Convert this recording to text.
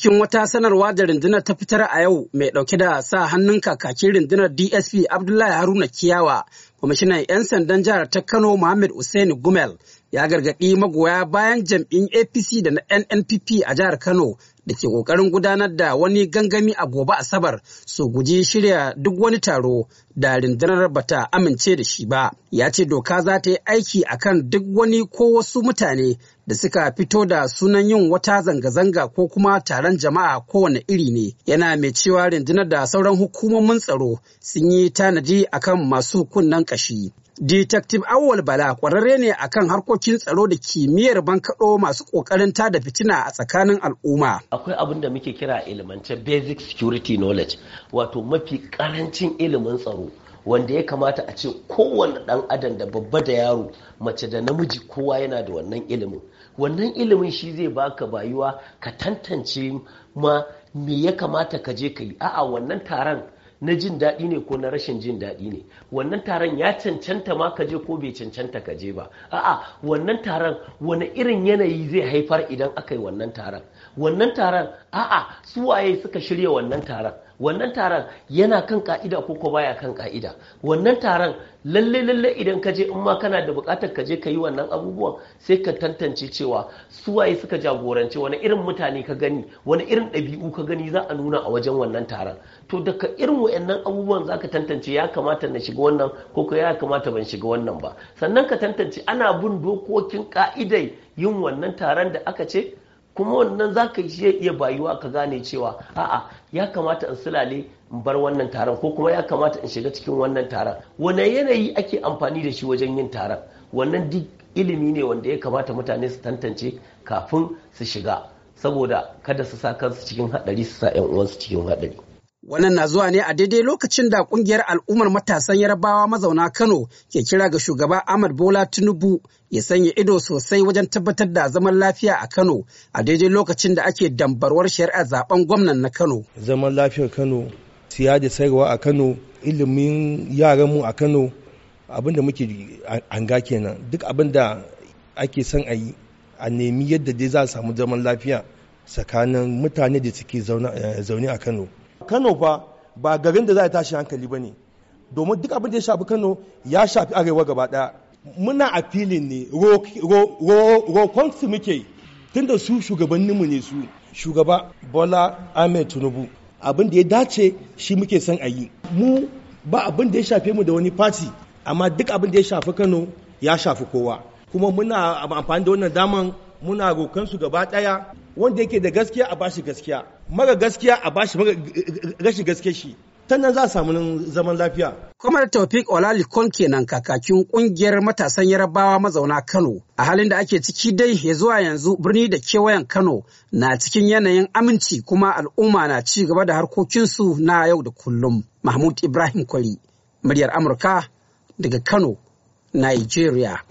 cikin wata sanarwa da rundunar ta fitar a yau mai dauke da sa hannun kakakin rundunar DSP Abdullahi Haruna Kiyawa, kwamishinan 'yan sandan jihar ta Kano Muhammad Usaini Gumel ya gargaɗi magoya bayan jam'in APC da na NNPP a jihar Kano da ke ƙoƙarin gudanar da wani gangami a gobe Asabar su guji shirya duk wani taro da rundunar bata amince da shi ba. Ya ce doka za ta yi aiki akan duk wani ko wasu mutane da suka fito da sunan yin wata zanga-zanga ko kuma taron jama'a kowane iri ne. Yana mai cewa rundunar da sauran hukumomin tsaro sun yi tanadi akan masu kunnen kashi. Detective Awal Bala kwararre ne a kan harkokin tsaro da kimiyyar bankaɗo masu ƙoƙarin tada fitina a tsakanin al'umma. Akwai abin da muke kira ilimance basic security knowledge wato mafi ƙarancin ilimin tsaro wanda ya kamata a ce kowane ɗan adam da babba da yaro mace da namiji kowa yana da wannan ilimin. Wannan ilimin shi zai baka bayuwa ka tantance ma me ya kamata ka je ka yi a'a wannan taron na jin daɗi ne ko na rashin jin daɗi ne wannan taron ya cancanta ma ka je ko bai cancanta ka je ba a'a wannan taron wani irin yanayi zai haifar idan aka yi wannan taron wannan taron a'a su waye suka shirya wannan taron wannan taron yana kan ka'ida ko ko baya kan ka'ida wannan taron lalle lalle idan ka je in ma kana da bukatar ka je ka yi wannan abubuwan sai ka tantance cewa su waye suka jagoranci wani irin mutane ka gani wani irin ɗabi'u ka gani za a nuna a wajen wannan taron to daga irin wayannan abubuwan za ka tantance ya kamata na shiga wannan ko ko ya kamata ban shiga wannan ba sannan ka tantance ana bin dokokin ka'idai yin wannan taron da aka ce kuma wannan za ka iya bayuwa ka gane cewa a'a ya kamata in sulale in bar wannan taron ko kuma ya kamata in shiga cikin wannan taron wane yanayi ake amfani da shi wajen yin taron wannan duk ilimi ne wanda ya kamata mutane su tantance kafin su shiga saboda kada su sa kansu cikin haɗari su sa 'yan uwansu cikin haɗari Wannan na zuwa ne a daidai lokacin da kungiyar al'ummar matasan Yarabawa mazauna Kano ke kira ga shugaba Ahmad Bola Tinubu ya sanya ido sosai wajen tabbatar da zaman lafiya a Kano a daidai lokacin da ake dambarwar shari'a zaben gwamnan na Kano. Zaman lafiyar Kano, siya da sayarwa a Kano, ilimin yaran mu a Kano, abin da muke hanga kenan duk abin da ake son a yi a nemi yadda dai za a samu zaman lafiya tsakanin mutane da suke eh, zaune a Kano. kano fa ba garin da za a tashi hankali ba ne domin duk abin da ya shafi kano ya shafi arewa gaba daya muna a filin ne rokon su muke tun da su shugabanninmu ne su shugaba bola ahmed tunubu abin da ya dace shi muke son a yi mu ba abin da ya shafe mu da wani fati amma duk abin da ya shafi kano ya shafi kowa kuma muna amfani da wannan daman muna rokon su gaba daya wanda yake da gaskiya a bashi gaskiya maga gaskiya a bashi gashi gaskiya shi tannan za a samu zaman lafiya. Kwamar Taufik Olalikon kenan kakakin kungiyar matasan Yarabawa mazauna Kano. A halin da ake ciki dai ya zuwa yanzu birni da kewayen Kano na cikin yanayin aminci kuma al'umma na ci gaba da harkokinsu na yau da kullum. Mahmud Ibrahim Kwari, muryar Amurka daga Kano, Nigeria.